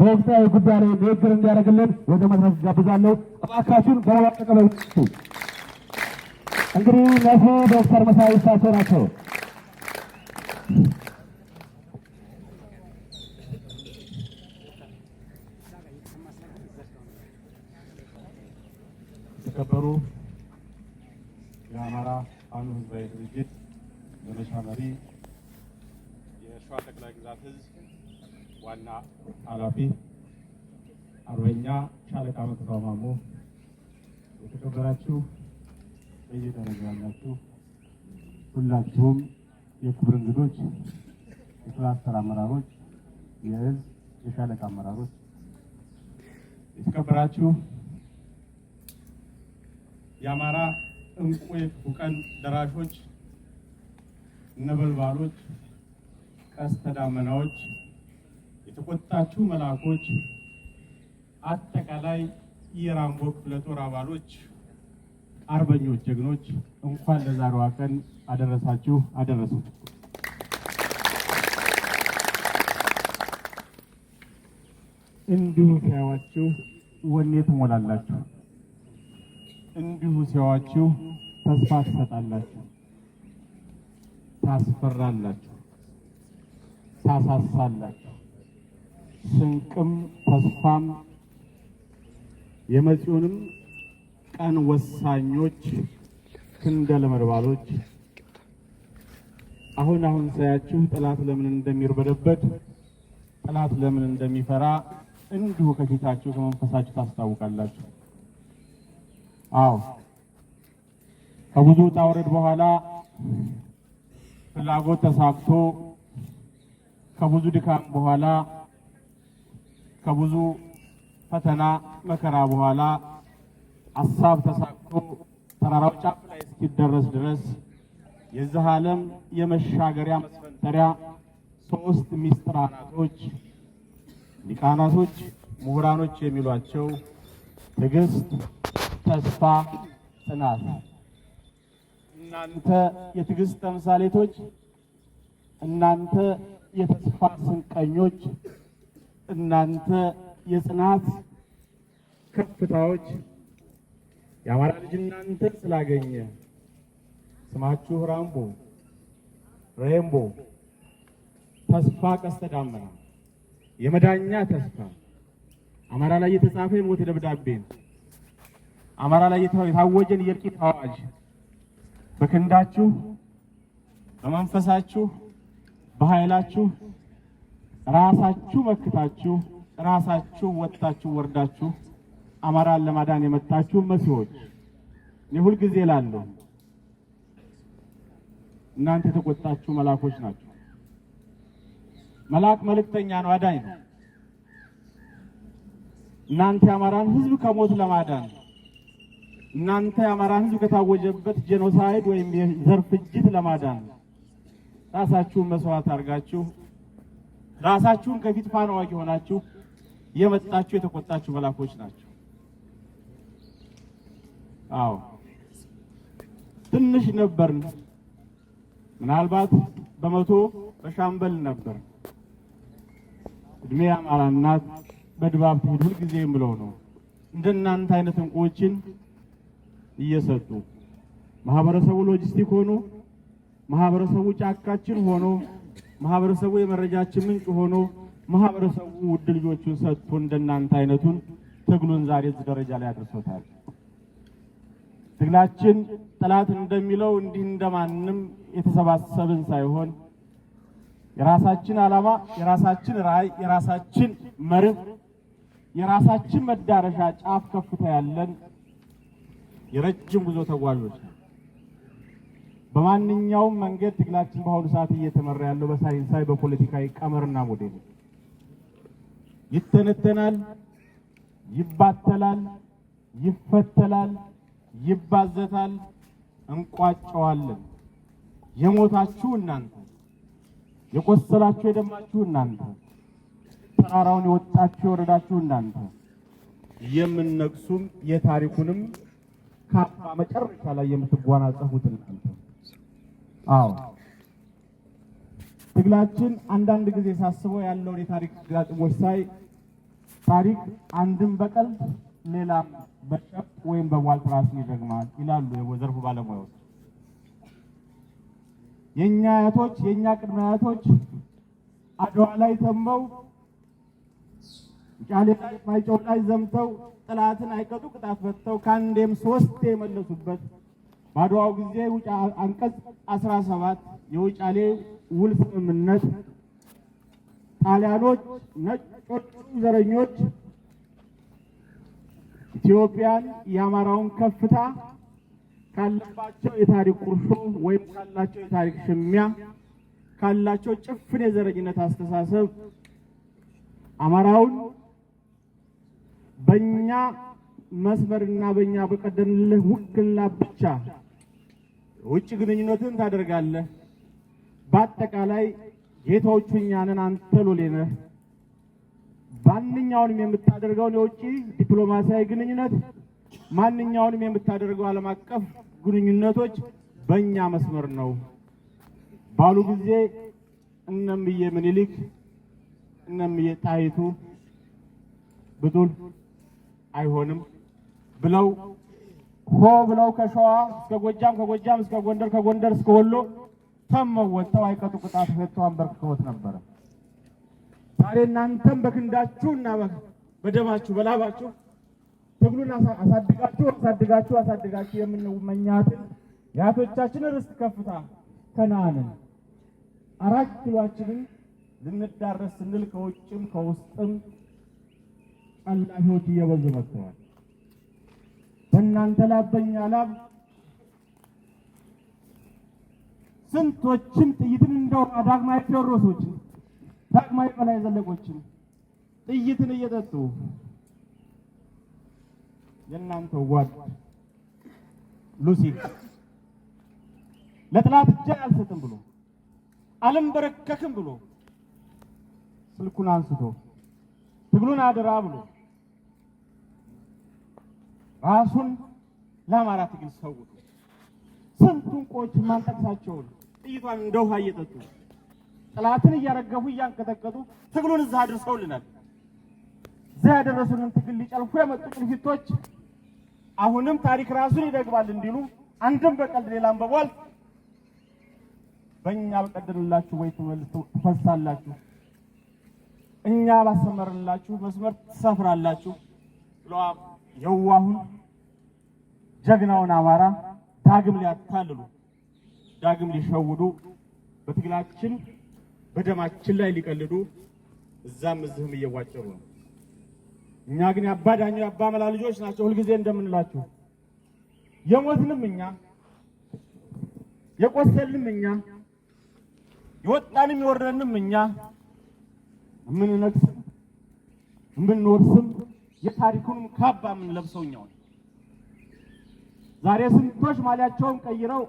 በወቅታዊ ጉዳይ ላይ ንግግር እንዲያደርግልን ወደ መድረስ ጋብዛለሁ። እባካችሁን በረባ ተቀበሉ። እንግዲህ ነፊ ዶክተር መሳይ እሳቸው ናቸው። የተከበሩ የአማራ ፋኖ ህዝባዊ ድርጅት ዘመቻ መሪ የሸዋ ጠቅላይ ግዛት ህዝብ ዋና ኃላፊ አርበኛ ሻለቃ መከታው ማሞ፣ የተከበራችሁ በየደረጃ ያላችሁ ሁላችሁም የክብር እንግዶች፣ የክላስተር አመራሮች፣ የእዝ የሻለቃ አመራሮች፣ የተከበራችሁ የአማራ እንቁ የክፉ ቀን ደራሾች፣ ነበልባሎች፣ ቀስተ ደመናዎች የተቆጣችሁ መልአኮች፣ አጠቃላይ የራምቦ ክፍለ ጦር አባሎች፣ አርበኞች፣ ጀግኖች እንኳን ለዛሬዋ ቀን አደረሳችሁ አደረሱ። እንዲሁ ሲያዋችሁ ወኔ ትሞላላችሁ። እንዲሁ ሲያዋችሁ ተስፋ ትሰጣላችሁ፣ ታስፈራላችሁ፣ ታሳሳላችሁ። ስንቅም ተስፋም የመጪውንም ቀን ወሳኞች ክንደ ለመርባሎች አሁን አሁን ሳያችሁ ጠላት ለምን እንደሚርበደበት ጠላት ለምን እንደሚፈራ እንዲሁ ከፊታችሁ ከመንፈሳችሁ ታስታውቃላችሁ። አዎ ከብዙ ውጣ ውረድ በኋላ ፍላጎት ተሳክቶ ከብዙ ድካም በኋላ ከብዙ ፈተና መከራ በኋላ ሀሳብ ተሳክቶ ተራራው ጫፍ ላይ እስኪደረስ ድረስ የዚህ ዓለም የመሻገሪያ መስፈንጠሪያ ሶስት ሚስጥራናቶች ሊቃናቶች ምሁራኖች የሚሏቸው ትዕግስት፣ ተስፋ፣ ጽናት። እናንተ የትዕግስት ተምሳሌቶች፣ እናንተ የተስፋ ስንቀኞች እናንተ የጽናት ከፍታዎች የአማራ ልጅ እናንተ ስላገኘ ስማችሁ ራምቦ ሬምቦ ተስፋ ቀስተ ዳመና የመዳኛ ተስፋ አማራ ላይ የተጻፈ የሞት ደብዳቤን አማራ ላይ የታወጀን የእልቂት አዋጅ በክንዳችሁ በመንፈሳችሁ በኃይላችሁ ራሳችሁ መክታችሁ ራሳችሁ ወጥታችሁ ወርዳችሁ አማራን ለማዳን የመጣችሁ መሲዎች እኔ ሁልጊዜ እላለሁ፣ እናንተ የተቆጣችሁ መልአኮች ናችሁ። መልአክ መልእክተኛ ነው፣ አዳኝ ነው። እናንተ የአማራን ሕዝብ ከሞት ለማዳን እናንተ የአማራን ሕዝብ ከታወጀበት ጄኖሳይድ ወይም የዘር ፍጅት ለማዳን ራሳችሁን መስዋዕት አድርጋችሁ ራሳችሁን ከፊት ፋን አዋቂ ሆናችሁ የመጣችሁ የተቆጣችሁ መላኮች ናቸው። አዎ ትንሽ ነበርን። ምናልባት በመቶ በሻምበል ነበር። እድሜ አማራ እናት በድባብ ትሂድ ሁልጊዜ የምለው ነው። እንደናንተ አይነት እንቁዎችን እየሰጡ ማህበረሰቡ ሎጂስቲክ ሆኖ ማህበረሰቡ ጫካችን ሆኖ ማህበረሰቡ የመረጃችን ምንጭ ሆኖ ማህበረሰቡ ውድ ልጆቹን ሰጥቶ እንደናንተ አይነቱን ትግሉን ዛሬ እዚህ ደረጃ ላይ አድርሶታል። ትግላችን ጠላት እንደሚለው እንዲህ እንደማንም የተሰባሰብን ሳይሆን የራሳችን ዓላማ፣ የራሳችን ራዕይ፣ የራሳችን መርህ፣ የራሳችን መዳረሻ ጫፍ ከፍታ ያለን የረጅም ጉዞ ተጓዦች ነው። በማንኛውም መንገድ ትግላችን በአሁኑ ሰዓት እየተመራ ያለው በሳይንሳዊ በፖለቲካዊ ቀመርና ሞዴል ይተነተናል፣ ይባተላል፣ ይፈተላል፣ ይባዘታል፣ እንቋጨዋለን። የሞታችሁ እናንተ፣ የቆሰላችሁ የደማችሁ እናንተ፣ ተራራውን የወጣችሁ የወረዳችሁ እናንተ የምነግሱም የታሪኩንም ካባ መጨረሻ ላይ የምትጎናጸፉት እናንተ አዎ ትግላችን አንዳንድ ጊዜ ሳስበው ያለውን የታሪክ ግጥሞች ሳይ ታሪክ አንድም በቀልብ ሌላም በሸፍ ወይም በቧልት ራሱን ይደግማል ይላሉ የዘርፉ ባለሙያዎች። የእኛ አያቶች የእኛ ቅድመ አያቶች አድዋ ላይ ተንበው ጫሌ ላይ ማይጨው ላይ ዘምተው ጥላትን አይቀጡ ቅጣት ፈትተው ከአንዴም ሶስቴ የመለሱበት በአድዋው ጊዜ አንቀጽ 17 የውጫሌ ውል ስምምነት ጣሊያኖች ነጮቹ ዘረኞች ኢትዮጵያን የአማራውን ከፍታ ካለባቸው የታሪክ ቁርሾ ወይም ካላቸው የታሪክ ሽሚያ ካላቸው ጭፍን የዘረኝነት አስተሳሰብ አማራውን በእኛ መስመርና በእኛ በቀደንልህ ውክልና ብቻ ውጭ ግንኙነትን ታደርጋለህ። በአጠቃላይ ጌታዎቹ እኛንን አንተ ሎሌ ነህ። ማንኛውንም የምታደርገውን የውጭ ዲፕሎማሲያዊ ግንኙነት፣ ማንኛውንም የምታደርገው ዓለም አቀፍ ግንኙነቶች በእኛ መስመር ነው ባሉ ጊዜ እነምዬ ምኒልክ እነምዬ ጣይቱ ብጡል አይሆንም። ብለው ሆ ብለው ከሸዋ እስከ ጎጃም ከጎጃም እስከ ጎንደር ከጎንደር እስከ ወሎ ተመው ወጥተው አይቀጡ ቅጣት ፈተው አንበርክከውት ነበረ። ዛሬ እናንተም በክንዳችሁ እና በደማችሁ በላባችሁ ትግሉን አሳድጋችሁ አሳድጋችሁ አሳድጋችሁ የምንመኛትን የአያቶቻችንን ርስት ከፍታ ከነአንን አራት ኪሏችንን ልንዳረስ ስንል ከውጭም ከውስጥም ጠላፊዎች እየበዙ መጥተዋል። ከእናንተ ላበኛ ላብ ስንቶችም ጥይትን እንደው ዳግማዊ ቴዎድሮሶችን ዳግማዊ በላይ ዘለቆችን ጥይትን እየጠጡ የእናንተው ጓድ ሉሲ ለጥላት እጄን አልሰጥም ብሎ አልንበረከክም ብሎ ስልኩን አንስቶ ትግሉን አደራ ብሎ ራሱን ለአማራ ትግል ሰውቶ ስንት እንቁዎች ማንጠቅሳቸውን ጥይቷን እንደ ውሃ እየጠጡ ጥላትን እያረገፉ እያንቀጠቀጡ ትግሉን እዛ አድርሰውልናል። እዛ ያደረሱንን ትግል ሊጨልፉ የመጡ ቅንፊቶች አሁንም ታሪክ ራሱን ይደግባል እንዲሉ አንድም በቀልድ ሌላም በቧል በእኛ በቀደሉላችሁ ወይ ትፈሳላችሁ እኛ ባሰመርንላችሁ መስመር ትሰፍራላችሁ ብለዋ የዋሁን ጀግናውን አማራ ዳግም ሊያታልሉ ዳግም ሊሸውዱ በትግላችን በደማችን ላይ ሊቀልዱ እዛም እዚህም እየዋጨሩ ነው። እኛ ግን የአባ መላ ልጆች ናቸው። ሁልጊዜ እንደምንላችሁ የሞትንም እኛ የቆሰልንም እኛ የወጣንም የወረንም እኛ የምንነግስም የምንወርስም የታሪኩንም ካባ የምንለብሰው ዛሬ ስንቶች ማሊያቸውን ቀይረው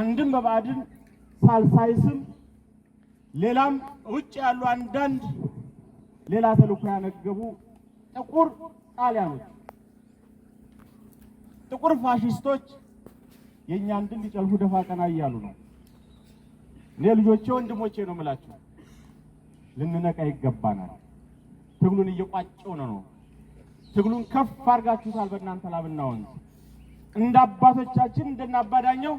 አንድም በባዕድን ሳልሳይ ሌላም ውጭ ያሉ አንዳንድ ሌላ ተልእኮ ያነገቡ ጥቁር ጣሊያኖች፣ ጥቁር ፋሽስቶች የኛ ድል ሊጨልፉ ደፋ ቀና እያሉ ነው። እኔ ልጆቼ፣ ወንድሞቼ ነው የምላቸው፣ ልንነቃ ይገባናል። ትግሉን እየቋጨው ነው። ትግሉን ከፍ አድርጋችሁታል። በእናንተ ላብና ወንዝ እንደ አባቶቻችን እንደነ አባዳኘው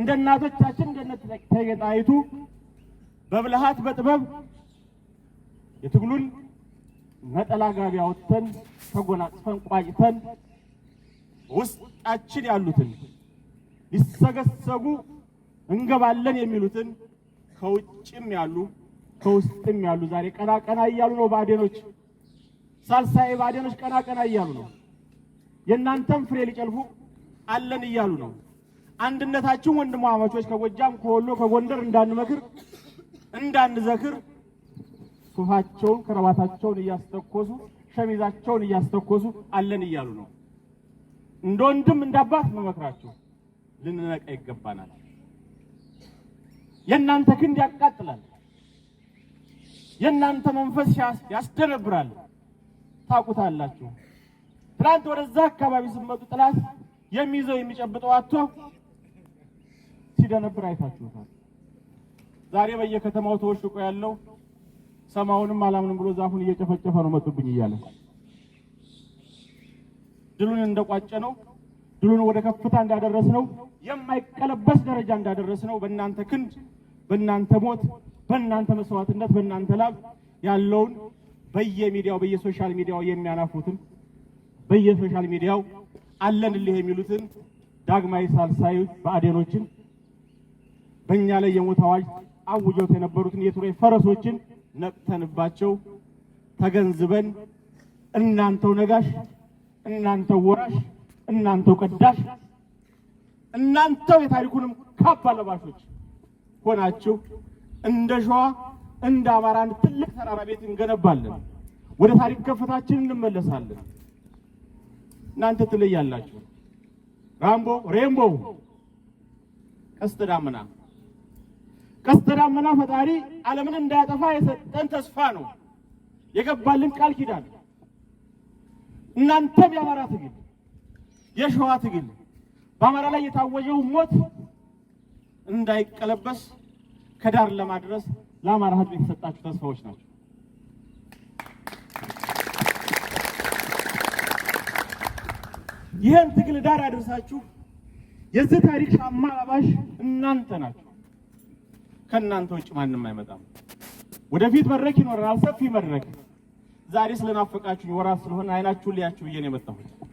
እንደ እናቶቻችን እንደነ ተገጣይቱ በብልሃት በጥበብ የትግሉን ነጠላ ጋቢ አውጥተን ተጎናጽፈን ቋጭተን ውስጣችን ያሉትን ይሰገሰጉ እንገባለን የሚሉትን ከውጭም ያሉ ከውስጥም ያሉ ዛሬ ቀና ቀና እያሉ ነው። ባዴኖች ሳልሳኤ ባዴኖች ቀና ቀና እያሉ ነው። የእናንተም ፍሬ ሊጨልፉ አለን እያሉ ነው። አንድነታችን ወንድማማቾች ከጎጃም ከወሎ ከጎንደር እንዳንመክር እንዳንዘክር ሱፋቸውን ከረባታቸውን እያስተኮሱ ሸሚዛቸውን እያስተኮሱ አለን እያሉ ነው። እንደ ወንድም እንዳባት መመክራችሁ ልንነቃ ይገባናል። የእናንተ ክንድ ያቃጥላል። የእናንተ መንፈስ ያስደነብራል። ታውቁታላችሁ። ትናንት ወደዛ አካባቢ ስትመጡ ጥላት የሚይዘው የሚጨብጠው አቶ ሲደነብር አይታችሁታል። ዛሬ በየከተማው ተወሽቆ ያለው ሰማውንም አላምንም ብሎ ዛፉን እየጨፈጨፈ ነው መጡብኝ እያለ ድሉን እንደቋጨ ነው ድሉን ወደ ከፍታ እንዳደረስ ነው የማይቀለበስ ደረጃ እንዳደረስ ነው በእናንተ ክንድ በእናንተ ሞት በእናንተ መስዋዕትነት በእናንተ ላብ ያለውን በየሚዲያው በየሶሻል ሚዲያው የሚያናፉትን በየሶሻል ሚዲያው አለንልህ የሚሉትን ዳግማዊ ሳልሳይ በአዴኖችን በእኛ ላይ የሞት አዋጅ አውጀውት የነበሩትን የቱሬ ፈረሶችን ነቅተንባቸው ተገንዝበን እናንተው ነጋሽ፣ እናንተው ወራሽ፣ እናንተው ቀዳሽ፣ እናንተው የታሪኩንም ካባ ለባሾች ሆናችሁ እንደ ሸዋ እንደ አንድ ትልቅ ተራራ ቤት እንገነባለን። ወደ ታሪክ ከፍታችን እንመለሳለን። እናንተ ትለያላችሁ። ራምቦ ሬምቦ ቀስተ ዳመና ቀስተ ዳመና ፈጣሪ ዓለምን እንዳያጠፋ የሰጠን ተስፋ ነው፣ የገባልን ቃል ኪዳን። እናንተም የአማራ ትግል፣ የሸዋ ትግል በአማራ ላይ የታወጀው ሞት እንዳይቀለበስ ከዳር ለማድረስ ለአማራ ህዝብ የተሰጣችሁ ተስፋዎች ናቸው። ይህን ትግል ዳር ያደርሳችሁ የዚህ ታሪክ ሻማ እናንተ ናችሁ። ከእናንተ ውጭ ማንም አይመጣም። ወደፊት መድረክ ይኖረናል፣ ሰፊ መድረክ። ዛሬ ስለናፈቃችሁ ወራት ስለሆነ አይናችሁን ልያችሁ ብዬ ነው የመጣሁት።